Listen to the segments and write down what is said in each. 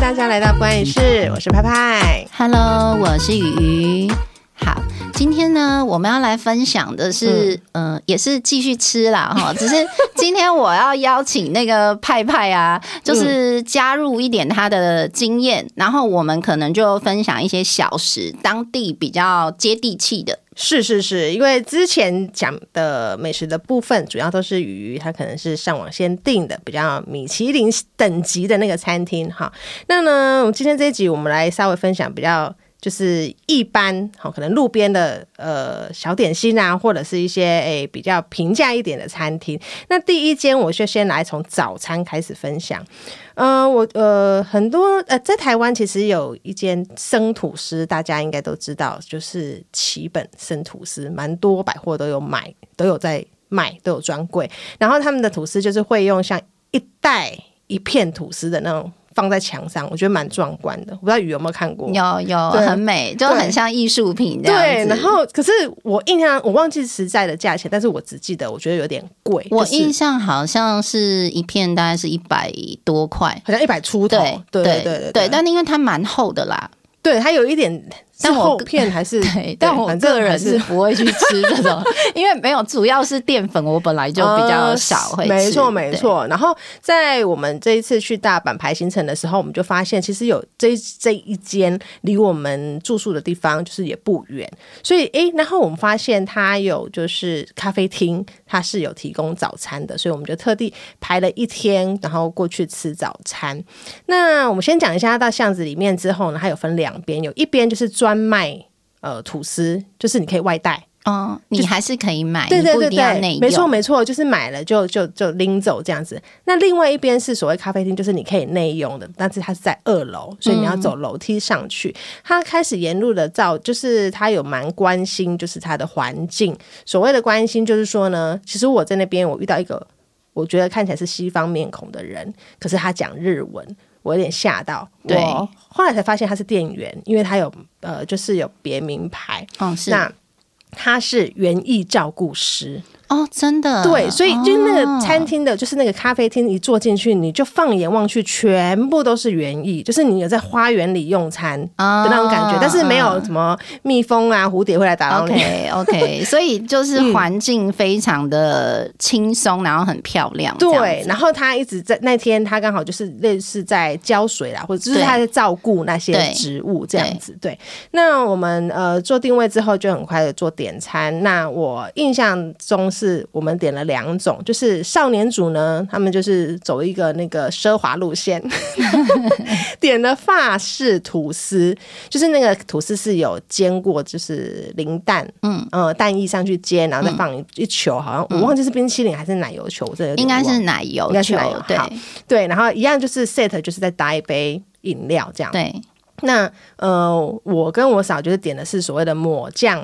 大家來到不安於室，我是派派，Hello，我是魚魚。好，今天呢，我們要來分享的是，嗯、呃，也是繼續吃啦，哈， 只是今天我要邀請那個派派啊，就是加入一點他的經驗，嗯、然後我們可能就分享一些小食，當地比較接地氣的。是是是，因為之前講的美食的部分，主要都是與它可能是上網先訂的比較米其林等級的那個餐廳哈。那呢，我們今天這一集，我們來稍微分享比較。就是一般好，哦，可能路邊的呃小點心啊，或者是一些誒、欸、比較平價一點的餐廳。那第一間我就先來從早餐開始分享。嗯、呃，我呃很多呃在台灣其實有一間生吐司，大家應該都知道，就是奇本生吐司，蠻多百貨都有買，都有在賣，都有專櫃。然後他們的吐司就是會用像一袋一片吐司的那種。放在牆上，我覺得蠻壯觀的。我不知道魚有沒有看過，有有，對，很美，就很像藝術品這樣子。對，然後可是我印象，我忘記實在的價錢，但是我只記得我覺得有點貴。我印象好像是一片，大概是一百多塊，好像一百出頭。對，對對對對，對，對。但因為它蠻厚的啦，對，它有一點。但我個片還是對對但我個人是不會去吃這種， 因為沒有，主要是澱粉，我本來就比較少會吃沒錯、呃、沒錯。沒錯對然後在我們這一次去大阪排行程的時候，我們就發現其實有這這一間離我們住宿的地方就是也不遠，所以哎，然後我們發現它有就是咖啡廳，它是有提供早餐的，所以我們就特地排了一天，然後過去吃早餐。那我們先講一下到巷子裡面之後呢，它有分兩邊，有一邊就是專。專賣呃，吐司，就是你可以外帶，哦，你還是可以買，就你不一定要內用。對對對對，沒錯沒錯，就是買了就就就拎走這樣子。那另外一邊是所謂咖啡廳，就是你可以內用的，但是它是在二樓，所以你要走樓梯上去。他、嗯、開始沿路的造，就是他有蠻關心，就是他的環境。所謂的關心，就是說呢，其實我在那邊我遇到一個我覺得看起來是西方面孔的人，可是他講日文。我有點嚇到，對，後來才發現他是店員，因為他有呃，就是有別名牌，哦，是，那他是園藝照顧師。哦，oh, 真的，對，所以就是那個餐廳的，oh. 就是那個咖啡廳，一坐進去，你就放眼望去，全部都是園藝，就是你有在花園裡用餐的、oh. 那種感覺，但是沒有什麼蜜蜂啊、蝴蝶會來打擾你。OK，OK，Okay, okay, 所以就是環境非常的輕鬆，嗯、然後很漂亮。對，然後他一直在那天，他剛好就是類似在澆水啦，或者就是他在照顧那些植物這樣子。對,對,對，那我們呃做定位之後，就很快的做點餐。那我印象中是。是我們點了兩種，就是少年組呢，他們就是走一個那個奢華路線， 點了法式吐司，就是那個吐司是有煎過，就是淋蛋，嗯嗯、呃，蛋液上去煎，然後再放一、嗯、一球，好像我忘記，就是冰淇淋還是奶油球，這應該是，是奶油，應該是奶油，對對，然後一樣就是 set，就是再搭一杯飲料這樣，對那。那呃，我跟我嫂就是點的是所謂的抹醬。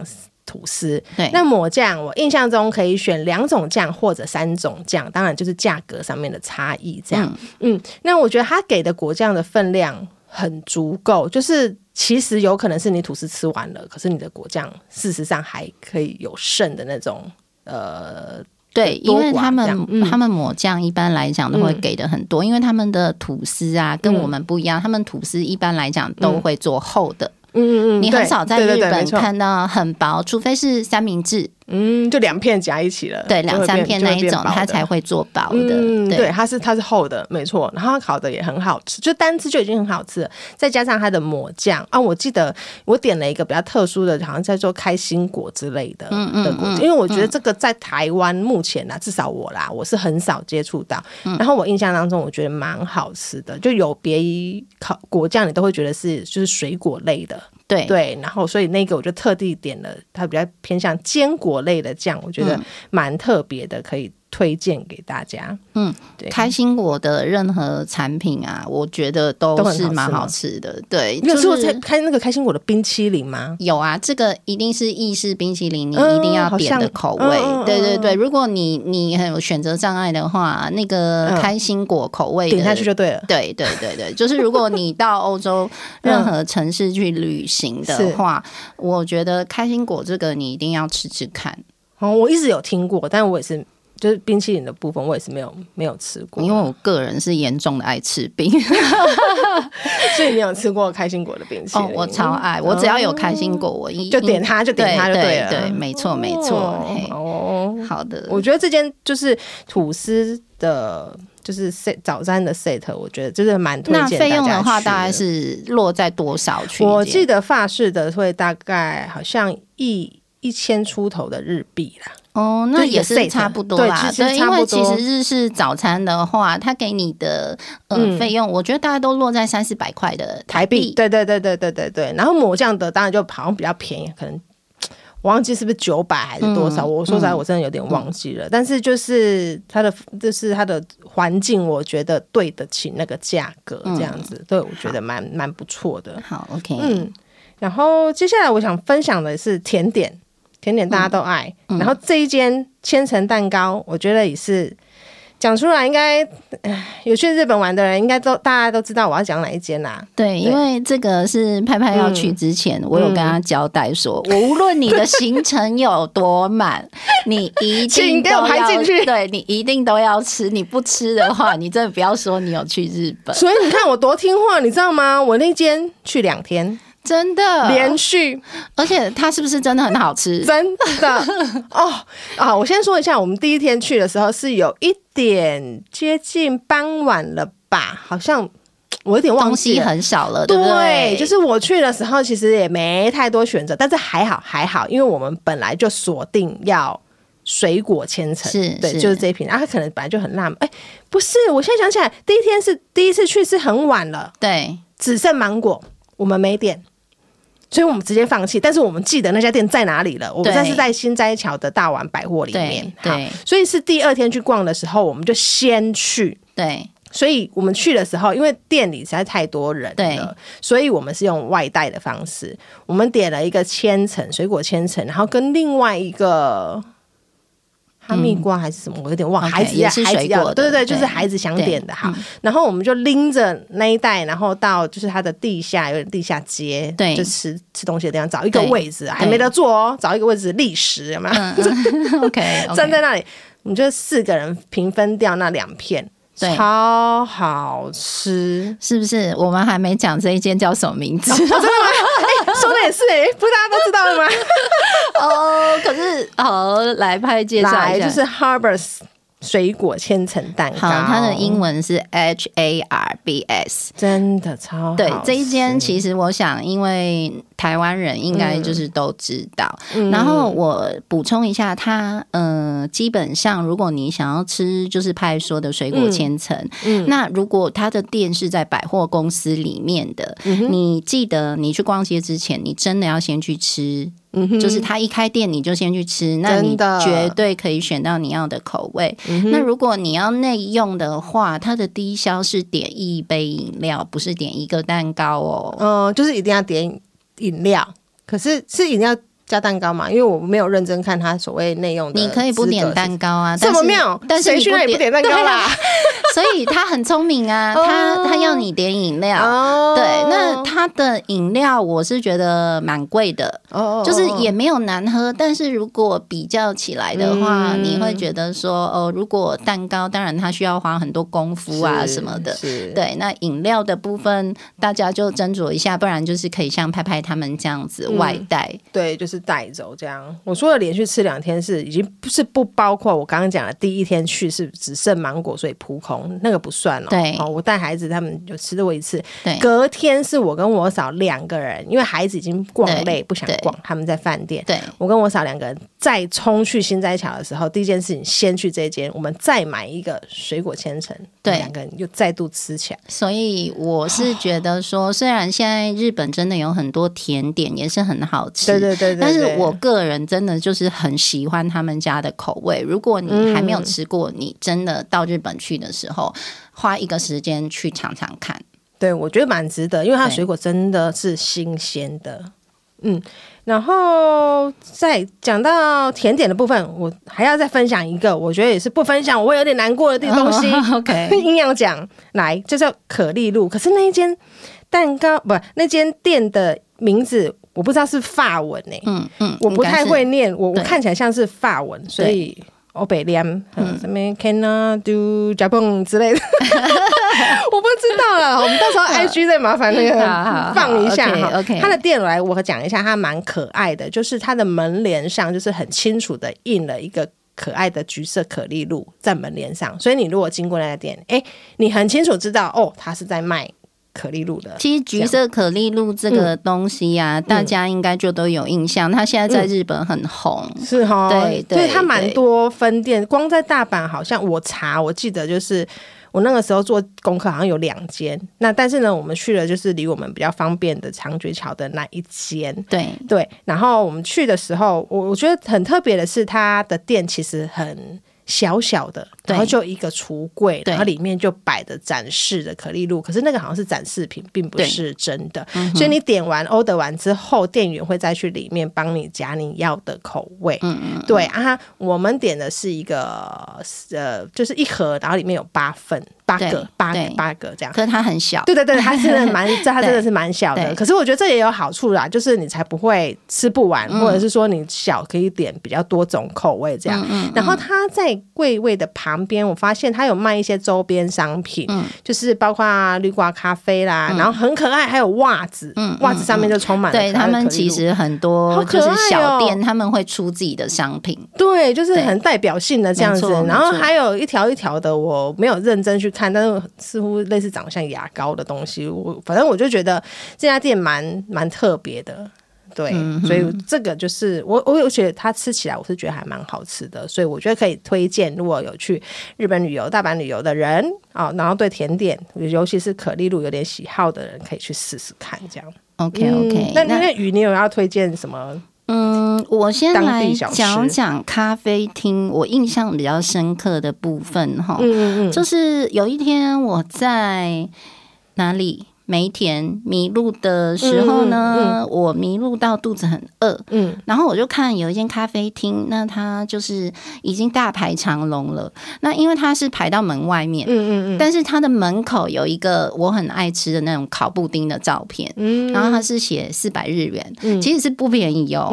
吐司，那抹醬，我印象中可以選兩種醬或者三種醬，當然就是價格上面的差異。這樣，嗯、嗯，那我覺得他給的果醬的分量很足夠，就是其實有可能是你吐司吃完了，可是你的果醬事實上還可以有剩的那種。呃，對，因為他們、嗯、他們抹醬一般來講都會給的很多，嗯、因為他們的吐司啊跟我們不一樣，他們吐司一般來講都會做厚的。嗯嗯嗯，你很少在日本看到很薄，對對對，除非是三明治。嗯，就兩片夾一起了，對，兩三片那一種，它才會做薄的。嗯、對，對，它是它是厚的，沒錯。然後它烤的也很好吃，就單吃就已經很好吃了。再加上它的抹醬啊，我記得我點了一個比較特殊的，好像在做開心果之類的嗯嗯，嗯，因為我覺得這個在台灣目前啦，嗯嗯至少我啦，我是很少接觸到。然後我印象當中，我覺得蠻好吃的，就有別於烤果醬，你都會覺得是就是水果類的。對對，然後所以那個我就特地點了，它比較偏向堅果類的醬，我覺得蠻特別的，可以。嗯推薦給大家，嗯，對，開心果的任何產品啊，我覺得都是蠻好吃的。對，你有、就、個是，是開那個開心果的冰淇淋嗎？有啊，這個一定是意式冰淇淋，你一定要點的口味。嗯、嗯嗯嗯嗯，對對對，如果你你很有選擇障礙的話，那個開心果口味、嗯、點下去就對了。對對對對，就是如果你到歐洲任何城市去旅行的話，嗯、我覺得開心果這個你一定要吃吃看。哦、嗯，我一直有聽過，但我也是。就是冰淇淋的部分，我也是沒有沒有吃過，因為我個人是嚴重的愛吃冰， 所以你有吃過開心果的冰淇淋、哦。我超愛，我只要有開心果，嗯、我一就點它就點它就對了，對，對，對，沒錯沒錯。哦，好的，我覺得這間就是吐司的，就是早早餐的 set，我覺得就是蠻推薦大家。那費用的話，大概是落在多少區間？我記得法式的會大概好像一一千出頭的日幣啦。哦，oh, 那也是差不多啦，所以 因為其實日式早餐的話，他給你的呃費、嗯、用，我覺得大家都落在三四百塊的台幣。對對對對對對對。然後抹醬的當然就好像比較便宜，可能我忘記是不是九百還是多少，嗯、我說實在，我真的有點忘記了。嗯嗯、但是就是它的就是它的環境，我覺得對得起那個價格這樣子，嗯、對，我覺得蠻蠻好不錯的。好，OK。嗯，然後接下來我想分享的是甜點。甜點大家都愛，嗯嗯、然後這一間千層蛋糕，我覺得也是講出來，應該有去日本玩的人，應該都大家都知道我要講哪一間啦、啊。對，對因為這個是拍拍要去之前，嗯、我有跟他交代說，嗯、我無論你的行程有多滿， 你一定要給我排進去，對你一定都要吃，你不吃的話， 你真的不要說你有去日本。所以你看我多聽話，你知道嗎？我那間去兩天。真的連續、哦，而且它是不是真的很好吃？真的 哦啊！我先說一下，我們第一天去的時候是有一點接近傍晚了吧？好像我有點忘記，東西很少了，對，對就是我去的時候，其實也沒太多選擇，但是還好還好，因為我們本來就鎖定要水果千層，是，對，就是這一瓶。然後是、啊、可能本來就很爛，哎、欸，不是，我現在想起來，第一天是第一次去，是很晚了，對，只剩芒果，我們沒點。所以，我們直接放棄。但是，我們記得那家店在哪裡了。對我們是在心齋橋的大丸百貨裡面。對，對，所以是第二天去逛的時候，我們就先去。對，所以我們去的時候，因為店裡實在太多人了，對所以我們是用外帶的方式。我們點了一個千層水果千層，然後跟另外一個。哈密瓜還是什麼，我有點忘。孩子吃水果的，對對對，就是孩子想點的哈。然後我們就拎着那一袋，然後到就是他的地下有地下街，對，就吃吃東西的地方，找一個位置還沒得坐哦，找一個位置立食有沒有？OK 站在那裡，我們就四個人平分掉那兩片，對，超好吃，是不是？我們還沒講這一間叫什麼名字？說的也是誒、欸、不是大家都知道了嗎？ 哦，可是 好，來拍介紹一下，就是 Harbs 水果千層蛋糕，好，它的英文是 H A R B S，真的超好。對，這一間其實我想，因為台灣人應該就是都知道。嗯、然後我補充一下它，它、呃、基本上如果你想要吃就是派說的水果千層，嗯嗯、那如果它的店是在百貨公司裡面的，嗯哼、你記得你去逛街之前，你真的要先去吃。 就是他一開店你就先去吃，的那你絕對可以選到你要的口味。 那如果你要內用的話，它的低消是點一杯飲料，不是點一個蛋糕哦。嗯，就是一定要點飲料，可是是飲料加蛋糕嘛，因為我沒有認真看他所謂內容的。你可以不點蛋糕啊，怎麼沒有？但是誰你不點蛋糕啦？所以他很聰明啊，他他要你點飲料。對，那他的飲料我是覺得蠻貴的，就是也沒有難喝。但是如果比較起來的話，你會覺得說哦，如果蛋糕當然他需要花很多功夫啊什麼的。對，那飲料的部分大家就斟酌一下，不然就是可以像拍拍他們這樣子外帶。對，就是。帶走這樣，我說的連續吃兩天是已經不是不包括我剛剛講的第一天去是只剩芒果，所以撲空，那個不算了，喔。對，喔、我帶孩子他們有吃過一次。對，隔天是我跟我嫂兩個人，因為孩子已經逛累，對不想逛，對他們在飯店。對，我跟我嫂兩個人再衝去心齋橋的時候，第一件事情先去這間，我們再買一個水果千層，對，兩個人又再度吃起來。所以我是覺得說， 雖然現在日本真的有很多甜點，也是很好吃。對對對對。但是我個人真的就是很喜歡他們家的口味。如果你還沒有吃過，嗯、你真的到日本去的時候，花一個時間去嘗嘗看。對，我覺得蠻值得，因為它的水果真的是新鮮的。對嗯，然後在講到甜點的部分，我還要再分享一個，我覺得也是不分享我會有點難過的這個東西。OK，硬要講來這叫可麗露，可是那一間蛋糕不那間店的名字。我不知道是法文誒，嗯嗯，我不太會念，我我看起來像是法文，所以哦北聯嗯什麼 Canada，do Japan 之類的，我不知道了，我們到時候 IG 再麻煩那個放一下。OK，他的店來我講一下，他蠻可愛的，就是他的門簾上就是很清楚的印了一個可愛的橘色可麗露在門簾上，所以你如果經過那家店，誒，你很清楚知道哦，他是在賣。可麗露的，其實橘色可麗露這個東西呀、啊，嗯、大家應該就都有印象。嗯、它現在在日本很紅，是哈、嗯，對，齁對，它蠻多分店。對光在大阪，好像我查，我記得就是我那個時候做功課，好像有兩間。那但是呢，我們去了就是離我們比較方便的長堀橋的那一間。對對，然後我們去的時候，我我覺得很特別的是，它的店其實很小小的，然後就一個櫥櫃，然後裡面就擺的展示的可麗露，可是那個好像是展示品，並不是真的。所以你點完、order 完之後，店員會再去裡面幫你夾你要的口味。嗯對啊，我們點的是一個呃，就是一盒，然後裡面有八份、八個、八個八個這樣。可是它很小。對對對，它真的蠻，這它真的是蠻小的。可是我覺得這也有好處啦，就是你才不會吃不完，或者是說你小可以點比較多種口味這樣。然後它在。櫃位的旁邊，我發現他有賣一些周邊商品，嗯、就是包括綠瓜咖啡啦，嗯、然後很可愛，還有襪子，襪子上面就充滿了、嗯嗯。對，他們其實很多就是小店，他們會出自己的商品，喔、對，就是很代表性的這樣子。對錯然後還有一條一條的，我沒有認真去看，錯但是似乎類似長相牙膏的東西，我反正我就覺得這家店蠻蠻特別的。對，嗯、哼所以這個就是我我覺得它吃起來，我是覺得還蠻好吃的，所以我覺得可以推薦，如果有去日本旅遊、大阪旅遊的人啊、哦，然後對甜點，尤其是可麗露有點喜好的人，可以去試試看，這樣。OK OK、嗯。那那，那雨，你有要推薦什麼？嗯，我先來講講咖啡廳，我印象比較深刻的部分哈，嗯嗯，就是有一天我在哪裡。梅田迷路的時候呢，嗯嗯、我迷路到肚子很餓，嗯，然後我就看有一間咖啡廳，那它就是已經大排長龍了，那因為它是排到門外面，嗯嗯嗯，嗯嗯，但是它的門口有一個我很愛吃的那種烤布丁的照片，嗯、然後它是寫四百日元，嗯、其實是不便宜哦，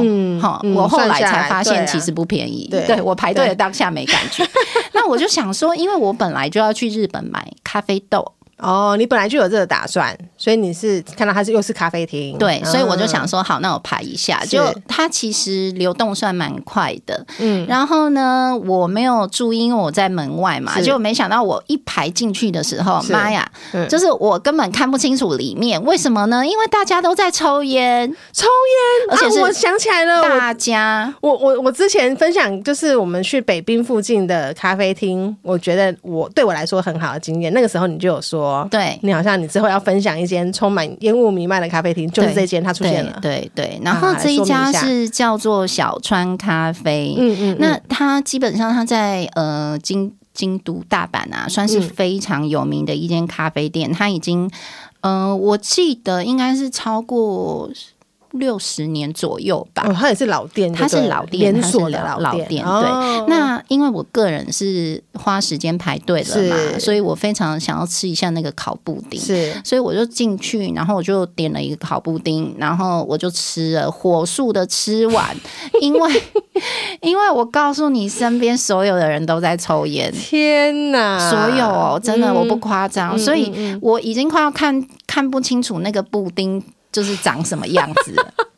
我後來才發現其實不便宜，對，我排隊的當下沒感覺，對 那我就想說，因為我本來就要去日本買咖啡豆。哦，你本來就有這個打算，所以你是看到它是又是咖啡廳，對，嗯、所以我就想說，好，那我排一下。就是它其實流動算蠻快的，嗯，然後呢，我沒有注意，因為我在門外嘛，就是沒想到我一排進去的時候，媽是呀，嗯、就是我根本看不清楚裡面，為什麼呢？因為大家都在抽菸，抽菸，啊、而且、啊、我想起來了，大家，我我我之前分享就是我們去北濱附近的咖啡廳，我覺得我對我來說很好的經驗，那個時候你就有說。對，你好像你之後要分享一間充滿煙霧瀰漫的咖啡廳，對就是這間，它出現了。對，對對，然後這一家是叫做小川咖啡。啊、嗯，嗯嗯，那它基本上它在呃京京都、大阪啊，算是非常有名的一間咖啡店。嗯、它已經，嗯、呃，我記得應該是超過。六十年左右吧。哦，他也是老店，他是老店，連鎖的老老店。老店哦、對，那因為我個人是花時間排隊的嘛，是所以我非常想要吃一下那個烤布丁，是，所以我就進去，然後我就點了一個烤布丁，然後我就吃了，火速的吃完， 因為因為我告訴你身邊所有的人都在抽菸，天哪，所有哦，真的我不誇張，嗯、所以我已經快要看看不清楚那個布丁。就是長什麼樣子了？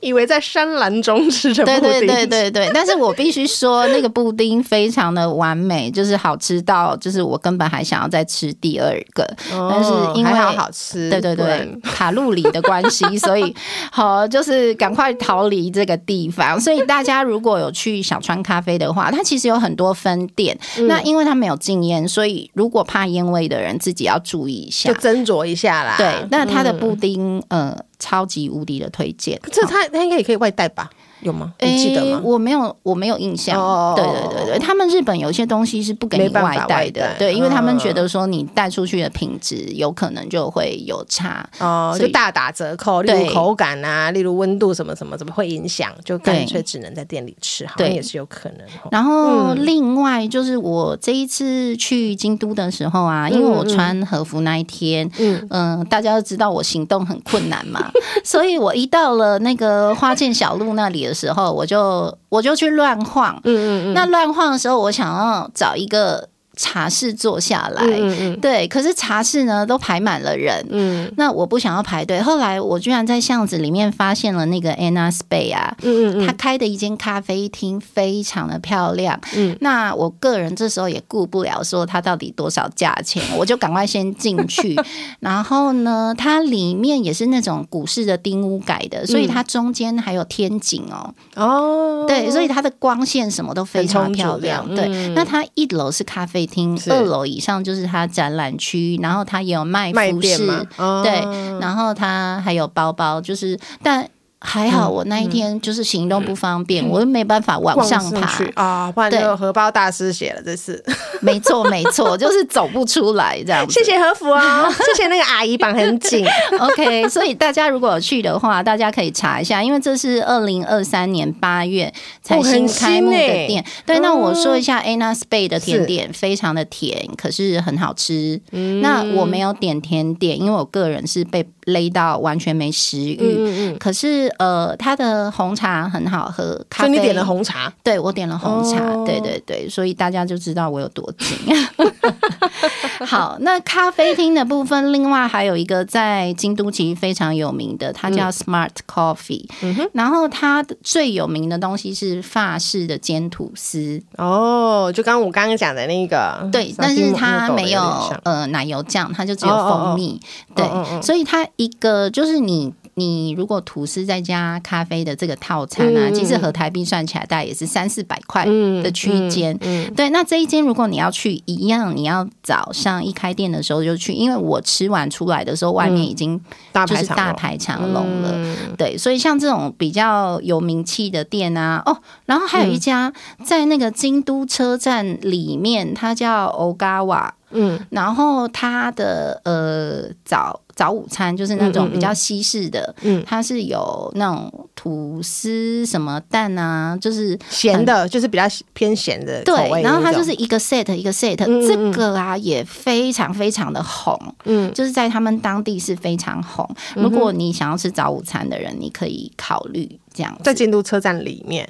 以為在山欄中吃什麼？對對對對對， 但是我必須說那個布丁非常的完美，就是好吃到就是我根本還想要再吃第二個，哦、但是因為好，好吃，對對對，對卡路里的關係， 所以好就是趕快逃離這個地方。所以大家如果有去小川咖啡的話，它其實有很多分店，嗯、那因為它沒有禁煙，所以如果怕煙味的人自己要注意一下，就斟酌一下啦。對，那它的布丁，嗯、呃。超級無敵的推薦！這他它它應該也可以外帶吧？哦有嗎？你記得嗎？我沒有，我沒有印象。對對對對，他們日本有些東西是不給你外帶的，對，因為他們覺得說你帶出去的品質有可能就會有差，哦，就大打折扣。例如口感啊，例如溫度什麼什麼，怎麼會影響？就乾脆只能在店裡吃。對，也是有可能。然後另外就是我這一次去京都的時候啊，因為我穿和服那一天，嗯嗯，大家都知道我行動很困難嘛，所以我一到了那個花見小路那裡。時候我就我就去亂晃，嗯嗯嗯，那亂晃的時候，我想要找一個茶室坐下來，嗯嗯對，可是茶室呢都排滿了人，嗯，那我不想要排隊。後來我居然在巷子裡面發現了那個 Anna Spa，嗯嗯，他開的一間咖啡廳非常的漂亮，嗯、那我個人這時候也顧不了說它到底多少價錢，嗯、我就趕快先進去。 然後呢，它裡面也是那種古式的町屋改的，嗯、所以它中間還有天井哦，哦，對，所以它的光線什麼都非常漂亮，嗯、對。那它一樓是咖啡。廳二樓以上就是它展覽區，然後它也有賣服飾，是對，然後它還有包包，就是但。還好我那一天就是行動不方便，我沒辦法往上爬啊！對，荷包大失血了，這是沒錯沒錯，就是走不出來這樣。謝謝和服啊，謝謝那個阿姨綁很緊。OK，所以大家如果有去的話，大家可以查一下，因為這是二零二三年八月才新開幕的店。對，那我說一下，Anna's Bay 的甜點非常的甜，可是很好吃。嗯，那我沒有點甜點，因為我個人是被勒到完全沒食欲。嗯，可是。呃，他的紅茶很好喝，咖啡，所以你點了紅茶？對，我點了紅茶，oh、對對對，所以大家就知道我有多精。 好，那咖啡廳的部分，另外還有一個在京都其實非常有名的，它叫 Smart Coffee，、嗯、然後它最有名的東西是法式的煎吐司，哦、oh，就剛我剛剛講的那個，對，但是它沒有、嗯、呃奶油醬，它就只有蜂蜜，oh, oh, oh. 對，oh, oh, oh. 所以它一個就是你。你如果吐司再加咖啡的這個套餐啊，其實和台幣算起來，大概也是三四百塊的區間。嗯嗯嗯、對，那這一間如果你要去一樣，你要早上一開店的時候就去，因為我吃完出來的時候，外面已經就是大排長龍了。嗯，大排長龍嗯、對，所以像這種比較有名氣的店啊，哦、喔，然後還有一家在那個京都車站裡面，它叫歐加瓦。嗯，然後他的呃早早午餐就是那種比較西式的，嗯，嗯它是有那種吐司什麼蛋啊，就是鹹的，嗯、就是比較偏鹹的口味。對，種然後它就是一個 set 一個 set，嗯、這個啊也非常非常的紅，嗯，就是在他們當地是非常紅。嗯、如果你想要吃早午餐的人，你可以考慮這樣，在京都車站裡面。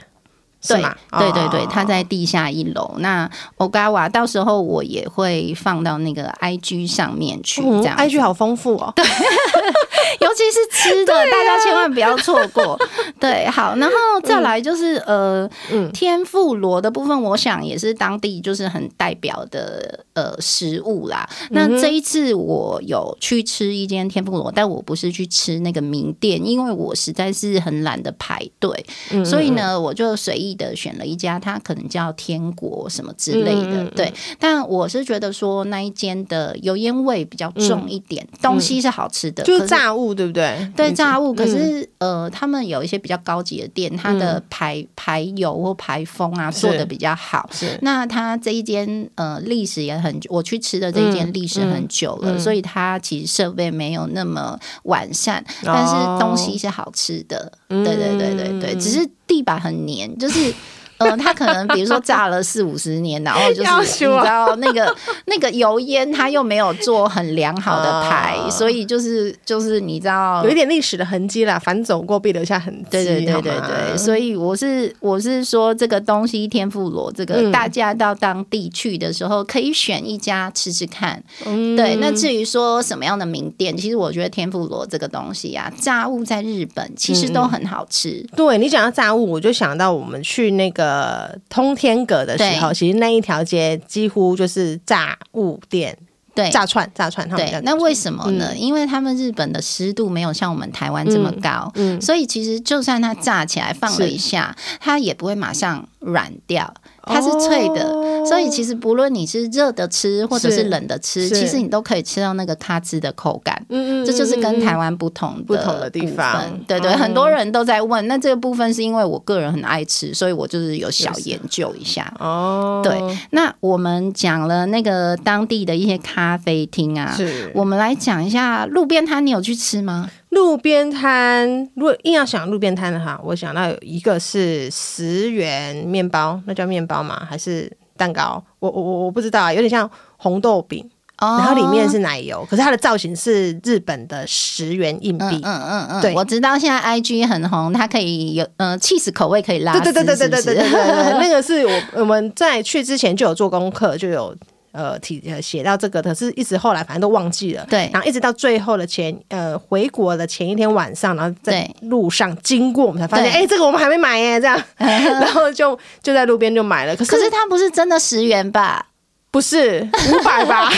對，對對對，對，他在地下一樓。那奧加瓦到時候我也會放到那個 I G 上面去，這樣，嗯、I G 好豐富哦。對， 尤其是吃的，大家千萬不要錯過。對，好，然後再來就是呃，天婦羅的部分，我想也是當地就是很代表的呃食物啦。那這一次我有去吃一間天婦羅，但我不是去吃那個名店，因為我實在是很懶得排隊，所以呢，我就隨意。的選了一家，它可能叫天國什麼之類的，對。但我是覺得說那一間的油煙味比較重一點，東西是好吃的，就是炸物，對不對？對炸物，可是呃，他們有一些比較高級的店，它的排排油或排風啊做得比較好。是那他這一間呃歷史也很久，我去吃的這一間歷史很久了，所以它其實設備沒有那麼完善，但是東西是好吃的。對對對對對，只是。地板很黏，就是。嗯、 呃，他可能比如說炸了四五十年，然後就是求我你知道那個那個油煙，他又沒有做很良好的排，哦，所以就是就是你知道有一點歷史的痕跡啦，反走過必留下痕跡，對對對對對。嗎所以我是我是說這個東西天婦羅，這個大家到當地去的時候可以選一家吃吃看。嗯，對，那至於說什麼樣的名店，其實我覺得天婦羅這個東西啊，炸物在日本其實都很好吃。嗯，對你講到炸物，我就想到我們去那個。呃，通天閣的時候，對其實那一條街幾乎就是炸物店，對，炸串、炸串他們。那為什麼呢？嗯、因為他們日本的濕度沒有像我們台灣這麼高，嗯嗯、所以其實就算它炸起來放了一下，它是也不會馬上。軟掉，它是脆的，哦、所以其實不論你是熱的吃或者是冷的吃，其實你都可以吃到那個咔吱的口感。嗯，嗯，嗯，嗯，嗯，這就是跟台灣不同的不同的地方。對，對對，嗯、很多人都在問，那這個部分是因為我個人很愛吃，所以我就是有小研究一下。啊、哦，對，那我們講了那個當地的一些咖啡廳啊，是我們來講一下路邊攤，你有去吃嗎？路邊攤，如果硬要想路邊攤的話，我想到有一個是十元麵包，那叫麵包嗎？還是蛋糕？我我我我不知道啊，有點像紅豆餅，哦、然後裡面是奶油，可是它的造型是日本的十元硬幣，嗯。嗯嗯嗯，嗯對。我知道現在 I G 很紅，它可以有嗯呃、起司口味可以拉絲。對對，對對對對對對對對對， 那個是我我們在去之前就有做功課，就有。呃，提呃寫到這個，的，是一直後來反正都忘記了。對，然後一直到最後的前呃回國的前一天晚上，然後在路上經過，我們才發現，哎對、欸，這個我們還沒買耶，這樣， 然後就就在路邊就買了。可是，可是它不是真的十元吧？ 不是五百吧 ？OK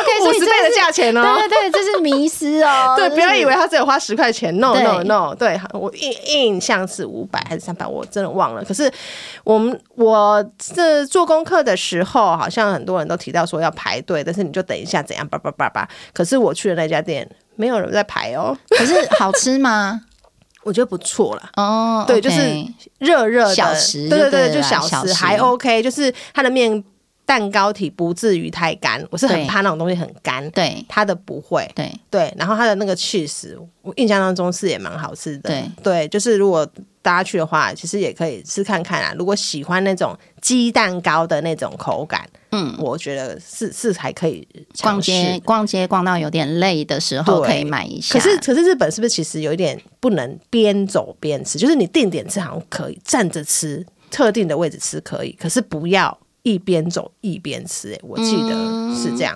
OK，五十倍的價錢哦、喔。 對對、對這是迷思哦、喔。對，不要以為他只有花十塊錢。No No No，對、對我印印象是五百還是三百，我真的忘了。可是我們我這做功課的時候，好像很多人都提到說要排隊，但是你就等一下怎樣？叭叭叭叭。可是我去的那家店沒有人在排哦、喔。可是好吃嗎？ 我覺得不錯了。哦，oh, okay. 對，就是熱熱的小吃對、對對對，就小吃還 OK，時就是它的面。蛋糕體不至於太乾，我是很怕那種東西很乾。對，它的不會。對對，然後它的那個起司，我印象當中是也蠻好吃的。對對，就是如果大家去的話，其實也可以試看看啊。如果喜歡那種雞蛋糕的那種口感，嗯，我覺得是是還可以。逛街逛街逛到有點累的時候，可以買一下。可是可是日本是不是其實有一點不能邊走邊吃？就是你定點吃好像可以，站着吃特定的位置吃可以，可是不要。一邊走一邊吃，哎，我記得是這樣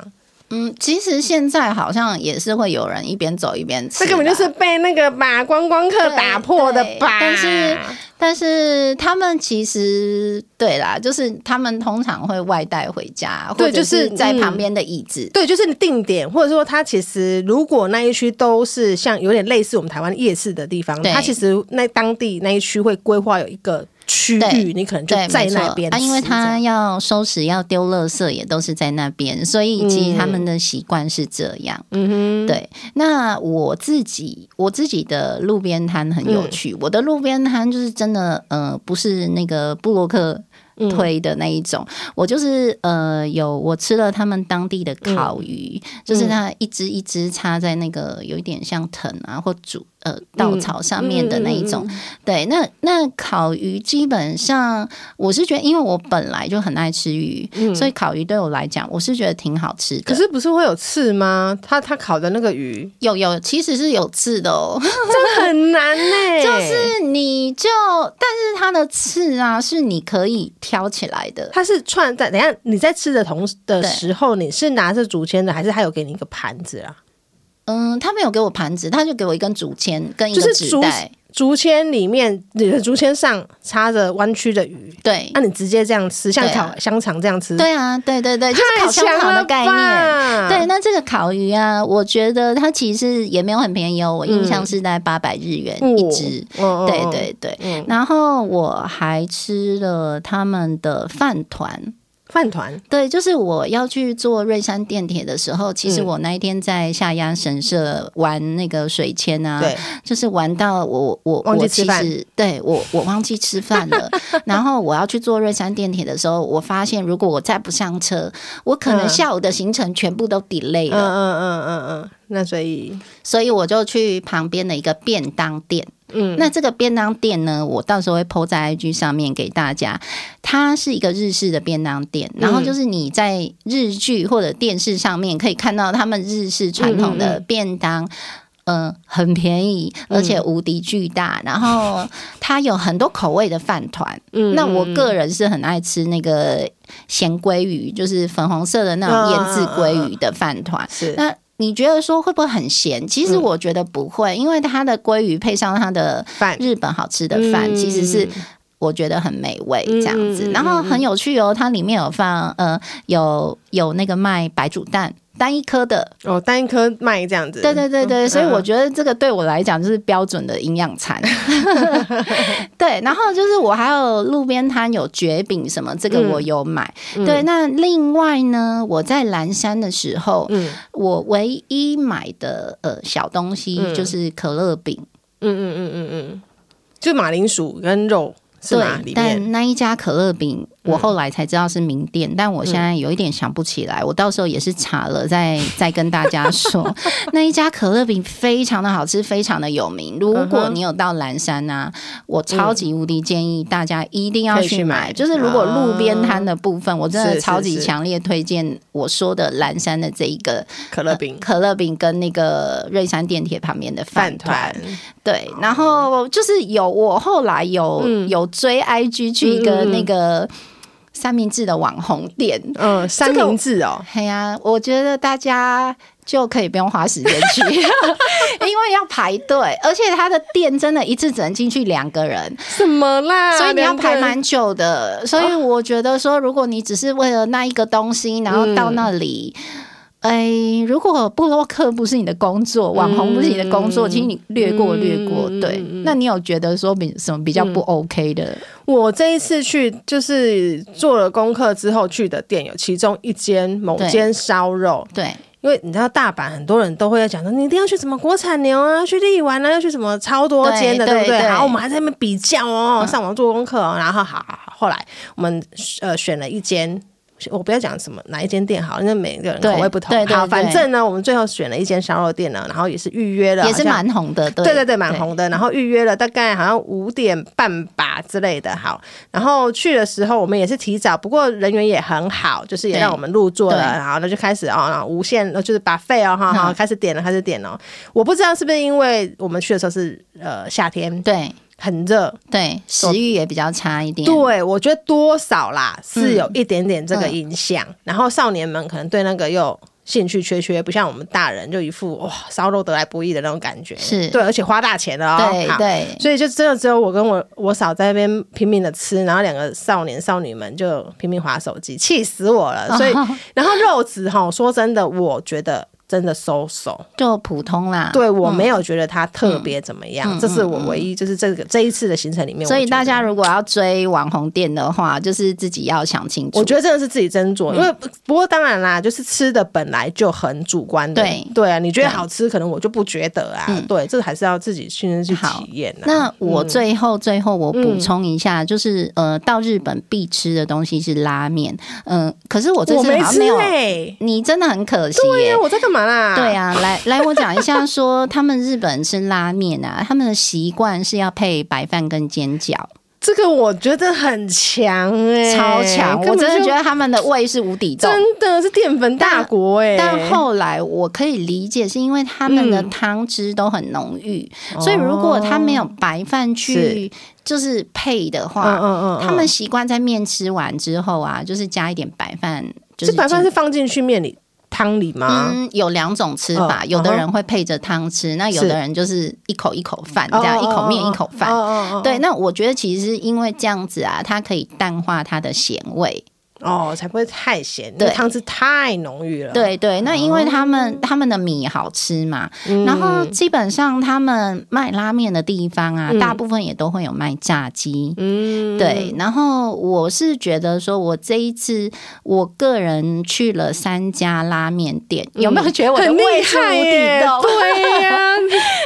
嗯。嗯，其實現在好像也是會有人一邊走一邊吃，這根本就是被那個把觀光客打破的吧？但是，但是他們其實對啦，就是他們通常會外帶回家，對，就是，或者是在旁邊的椅子。嗯，對，就是定點，或者說他其實如果那一區都是像有點類似我們台灣夜市的地方，他對其實那當地那一區會規劃有一個。區域你可能就在那邊，他、啊、因為他要收拾，要丟垃圾也都是在那邊，所以其實他們的習慣是這樣。嗯哼，對。那我自己我自己的路邊攤很有趣，嗯、我的路邊攤就是真的，呃，不是那個布洛克推的那一種，嗯、我就是呃有我吃了他們當地的烤魚，嗯、就是它一隻一隻插在那個有一點像藤啊或竹。呃，稻草上面的那一種，嗯嗯嗯、對，那那烤魚基本上，我是覺得，因為我本來就很愛吃魚，嗯、所以烤魚對我來講，我是覺得挺好吃的。可是不是會有刺嗎？他他烤的那個魚有有，其實是有刺的哦、喔，真的很難呢、欸。 就是你就，但是它的刺啊，是你可以挑起來的。它是串在，等下你在吃的同時的時候，對你是拿着竹籤的，還是它有給你一個盤子啊？嗯，他沒有給我盤子，他就給我一根竹籤跟一個紙袋。就是竹籤裡面，你的竹籤上插着彎曲的魚。對，那、啊、你直接這樣吃，像烤、啊、香腸這樣吃。對啊，對對對，就是烤香腸的概念。對，那這個烤魚啊，我覺得它其實也沒有很便宜哦，我印象是在八百日元一隻。嗯、對對對，嗯、然後我還吃了他們的飯糰。飯糰，對，就是我要去坐瑞山電鐵的時候，其實我那一天在下鴨神社玩那個水籤啊，對、嗯，就是玩到我我我其實忘記吃飯，對我我忘記吃飯了。 然後我要去坐瑞山電鐵的時候，我發現如果我再不上車，我可能下午的行程全部都 delay 了。嗯嗯嗯嗯嗯，那所以所以我就去旁邊的一個便當店。嗯，那這個便當店呢，我到時候會 PO 在 IG 上面給大家。它是一個日式的便當店，嗯、然後就是你在日劇或者電視上面可以看到他們日式傳統的便當，嗯、呃，很便宜，而且無敵巨大，嗯、然後它有很多口味的飯糰。嗯、那我個人是很愛吃那個鹹鮭魚，就是粉紅色的那種醃制鮭魚的飯糰、啊。是你覺得說會不會很鹹？其實我覺得不會，嗯、因為它的鮭魚配上它的飯，日本好吃的飯，飯其實是我覺得很美味這樣子。嗯、然後很有趣哦，它裡面有放呃有有那個賣白煮蛋。單一顆的哦，單一顆賣這樣子。對對對對，嗯、所以我覺得這個對我來講就是標準的營養餐。 對，然後就是我還有路邊攤有絕餅什麼，這個我有買。嗯嗯、對，那另外呢，我在嵐山的時候，嗯、我唯一買的呃小東西就是可樂餅、嗯。嗯嗯嗯嗯嗯，就馬鈴薯跟肉。對，但那一家可樂餅，嗯、我後來才知道是名店，但我現在有一點想不起來，嗯、我到時候也是查了再再跟大家說。 那一家可樂餅非常的好吃，非常的有名。如果你有到嵐山吶、啊，我超級無敵建議大家一定要去買。嗯、就是如果路邊攤的部分，哦、我真的超級強烈推薦我說的嵐山的這一個可樂餅，可樂餅跟那個瑞山電鐵旁邊的飯糰。飯團 對，然後就是有我後來有、嗯、有。追 IG 去一個那個三明治的網紅店，嗯，喔、嗯，三明治哦、喔，哎呀、啊，我覺得大家就可以不用花時間去， 因為要排隊，而且他的店真的一次只能進去兩個人，什麼啦？所以你要排蠻久的。所以我覺得說，如果你只是為了那一個東西，然後到那裡。嗯哎、欸，如果部落客不是你的工作，網紅不是你的工作，請、嗯、你略過略過。嗯、對，那你有覺得說比什麼比較不 OK 的？我這一次去就是做了功課之後去的店，有其中一間某間燒肉對。對，因為你知道大阪很多人都會講說，你一定要去什麼國產牛啊，去立玩啊，要去什麼超多間的，對，對不對？然後我們還在那邊比較哦、喔，嗯、上網做功課哦、喔，然後好，好，好，後來我們呃選了一間。我不要講什麼哪一間店好，因為每個人口味不同。對對對對好，反正呢，我們最後選了一間燒肉店呢，然後也是預約了，也是蠻紅的對。對對對，蠻紅的。然後預約了大概好像五點半吧之類的。好，然後去的時候我們也是提早，不過人員也很好，就是也讓我們入座了。好對，那就開始啊，哦、無限就是 buffet。哈、哦，開始點了，開始點了。嗯、我不知道是不是因為我們去的時候是呃夏天。對。很熱，對所食慾也比較差一點。對，我覺得多少啦是有一點點這個影響。嗯呃、然後少年們可能對那個又興趣缺缺，不像我們大人就一副哇燒肉得來不易的那種感覺。是對，而且花大錢了，喔，對。對對。所以就真的只有我跟我我嫂在那邊拼命的吃，然後兩個少年少女們就拼命滑手機，氣死我了。所以然後肉質齁，說真的，我覺得。真的 so so，就普通啦。對，我沒有覺得它特別怎麼樣，這是我唯一就是這個這一次的行程裡面。所以大家如果要追網紅店的話，就是自己要想清楚。我覺得真的是自己斟酌，因為不過當然啦，就是吃的本來就很主觀的。對對啊，你覺得好吃，可能我就不覺得啊。對，這還是要自己親身去體驗。那我最後最後我補充一下，就是呃，到日本必吃的東西是拉麵。嗯，可是我這次沒有，你真的很可惜耶！我在幹嘛。對啊，來來，我講一下說，說 他們日本吃拉麵啊，他們的習慣是要配白飯跟煎餃。這個我覺得很強哎、欸，超強強！我真的覺得他們的胃是無底洞，真的是澱粉大國哎、欸。但後來我可以理解，是因為他們的湯汁都很濃郁，嗯、所以如果他沒有白飯去就是配的話，嗯嗯嗯嗯他們習慣在麵吃完之後啊，就是加一點白飯，這、就是、白飯是放進去麵裡。湯裡嗎？嗯，有兩種吃法，哦、有的人會配着湯吃，啊、那有的人就是一口一口飯這樣，是一口麵、哦哦哦、一口飯。哦哦哦哦，對，那我覺得其實是因為這樣子啊，它可以淡化它的鹹味。哦，才不會太鹹，那湯汁太濃郁了。對對，那因為他們他們的米好吃嘛，然後基本上他們賣拉面的地方啊，大部分也都會有賣炸雞。嗯，對。然後我是覺得說，我這一次我個人去了三家拉面店，有沒有覺得我的胃是無敵的？對呀，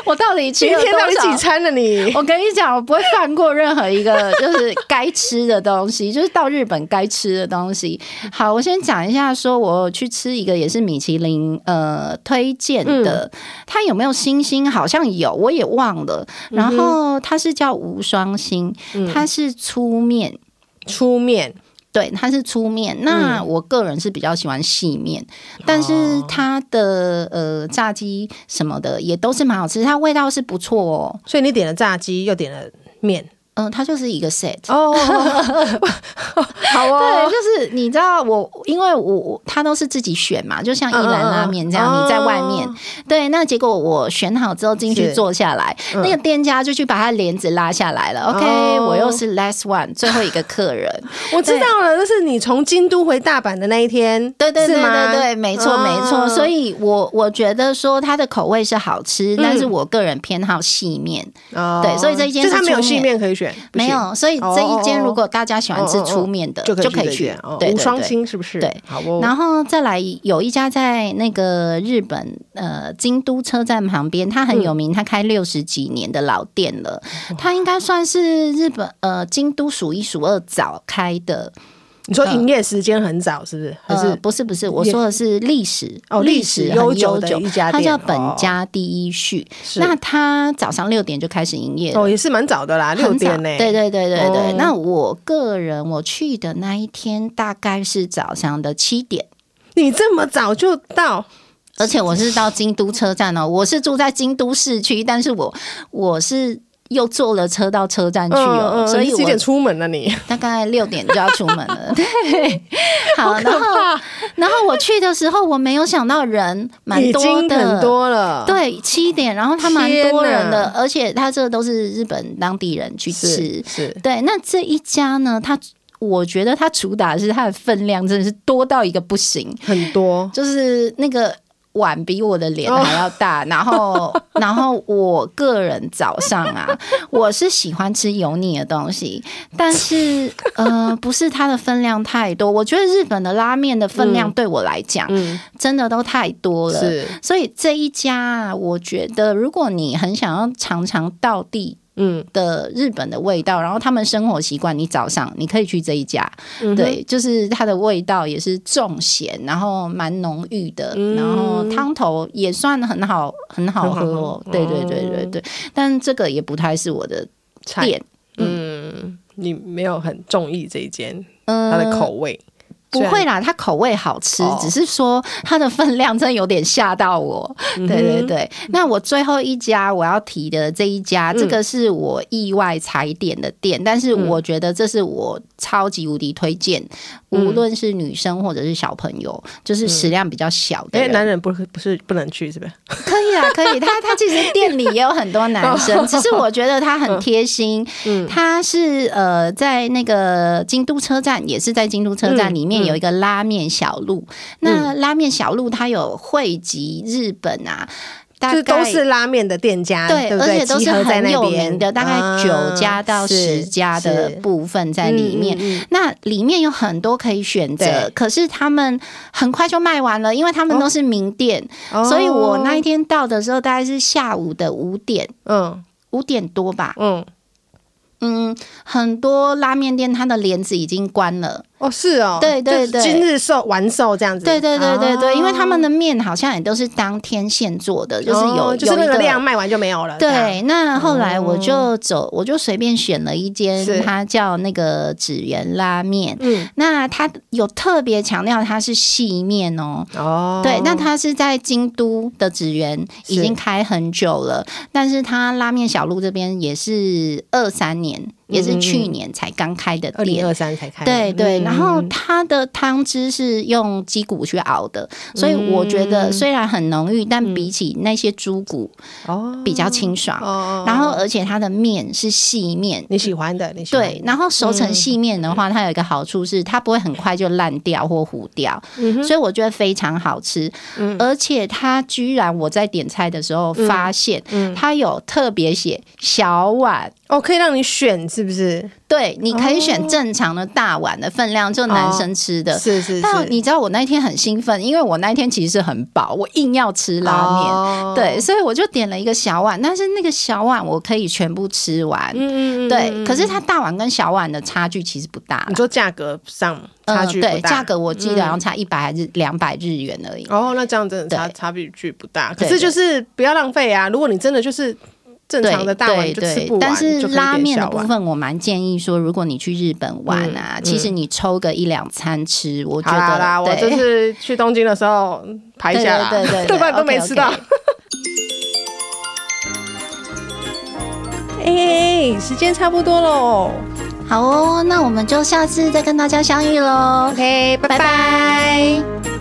我到底今天到底幾餐了？你，我跟你講，我不會放過任何一個就是該吃的東西，就是到日本該吃的東西。東西好，我先講一下說，說我去吃一個也是米其林呃推薦的，嗯、它有沒有星星？好像有，我也忘了。然後它是叫無雙星，嗯、它是粗麵，粗麵，對，它是粗麵。那我個人是比較喜歡細麵，嗯、但是它的呃炸雞什麼的也都是蠻好吃，它味道是不錯哦。所以你點了炸雞，又點了麵。嗯，它就是一個 set。哦，好哦。對，就是你知道我，因為我我他都是自己選嘛，就像一蘭拉麵這樣，你在外面。對，那結果我選好之後進去坐下來，那個店家就去把它簾子拉下來了。OK，我又是 last one 最後一個客人。我知道了，就是你從京都回大阪的那一天，對對對對對，沒錯沒錯。所以我我覺得說它的口味是好吃，但是我個人偏好細麵。對，所以這一間就是他沒有細麵可以選。沒有，所以這一間如果大家喜歡吃粗麵的，哦哦哦就可以去。對，對對對，雙星是不是？對，然後再來有一家在那個日本、呃、京都車站旁邊，他很有名，他、嗯、開六十幾年的老店了，他應該算是日本呃京都數一數二早開的。你說營業時間很早，是不是？嗯、呃、不是，不是，我說的是歷史，哦，歷史悠久的一家店，歷史它叫本家第一序。哦、那它早上六點就開始營業，哦，也是蠻早的啦，六點呢、欸。對對對對對。嗯、那我個人我去的那一天大概是早上的七點，你這麼早就到，而且我是到京都車站哦。我是住在京都市區，但是我我是。又坐了車到車站去哦，所以幾點出門了你，大概六點就要出門了。 對，好，好可然後然後我去的時候，我沒有想到人蠻多的，很多了。對，七點，然後他蠻多人的，天哪 而且他這個都是日本當地人去吃。是，是對。那這一家呢？他我覺得他主打的是他的分量真的是多到一個不行，很多就是那個。碗比我的臉還要大，然後，然後我個人早上啊，我是喜歡吃油膩的東西，但是呃，不是它的分量太多，我覺得日本的拉麵的分量對我來講，嗯、真的都太多了，是所以這一家啊，我覺得如果你很想要嚐嚐到底。嗯的日本的味道，然後他們生活習慣，你早上你可以去這一家，嗯、哼對，就是它的味道也是重鹹，然後蠻濃郁的，嗯、然後湯頭也算很好，很好喝，哦，好對對對對對。嗯、但這個也不太是我的菜，菜嗯，你沒有很中意這一間，嗯、它的口味。不會啦，它口味好吃，對只是說它的分量真的有點嚇到我。嗯、哼對對對，那我最後一家我要提的這一家，嗯、這個是我意外踩點的店，嗯、但是我覺得這是我超級無敵推薦。無論是女生或者是小朋友，嗯、就是食量比較小的。因為男人不，不是不能去，是不是？可以啊，可以。 他他其實店裡也有很多男生， 只是我覺得他很貼心。 嗯，他是呃在那個京都車站，也是在京都車站裡面有一個拉麵小路。嗯、那拉麵小路它有匯集日本啊。就是都是拉麵的店家，概對，對對而且都是很有名的，哦、大概九家到十家的部分在裡面。嗯嗯嗯、那裡面有很多可以選擇，對可是他們很快就賣完了，因為他們都是名店，哦、所以我那一天到的時候大概是下午的五點，嗯，五點多吧，嗯嗯，很多拉麵店它的簾子已經關了。哦，是哦，對對對，今日售完售這樣子，對對對對對，因為他們的麵好像也都是當天現做的，就是有就是那個量賣完就沒有了。對，那後來我就走，我就隨便選了一間，它叫那個祇園拉麵。嗯，那它有特別強調它是細麵哦。哦，對，那它是在京都的祇園，已經開很久了，但是它拉麵小路這邊也是二三年。也是去年才剛開的店，2023才開。對對，然後它的湯汁是用雞骨去熬的，所以我覺得雖然很濃郁，但比起那些豬骨哦，比較清爽。然後而且它的麵是細麵，你喜歡的，你喜歡的。對，然後熟成細麵的話，它有一個好處是它不會很快就爛掉或糊掉，所以我覺得非常好吃。而且它居然我在點菜的時候發現，它有特別寫小碗哦，可以讓你選擇。是不是？對，你可以選正常的大碗的分量，哦、就男生吃的。哦、是是是，但你知道我那天很興奮，因為我那天其實是很飽，我硬要吃拉麵。哦、對，所以我就點了一個小碗，但是那個小碗我可以全部吃完。嗯對，可是它大碗跟小碗的差距其實不大啊。你說價格上差距不大？嗯、對，價格我記得好像差一百還是兩百日元而已。哦，那這樣子差對差距不大。可是就是不要浪費啊！對對對，如果你真的就是。正常的大對，對對，但是拉麵的部分，我蠻建議說，如果你去日本玩啊，嗯、其實你抽個一兩餐吃，嗯、我覺得。好啦，啦，對我就是去東京的時候拍一下、啊，對對，對對對，頓飯都沒吃到。哎，時間差不多了，好哦，那我們就下次再跟大家相遇嘍。OK，bye bye 拜拜。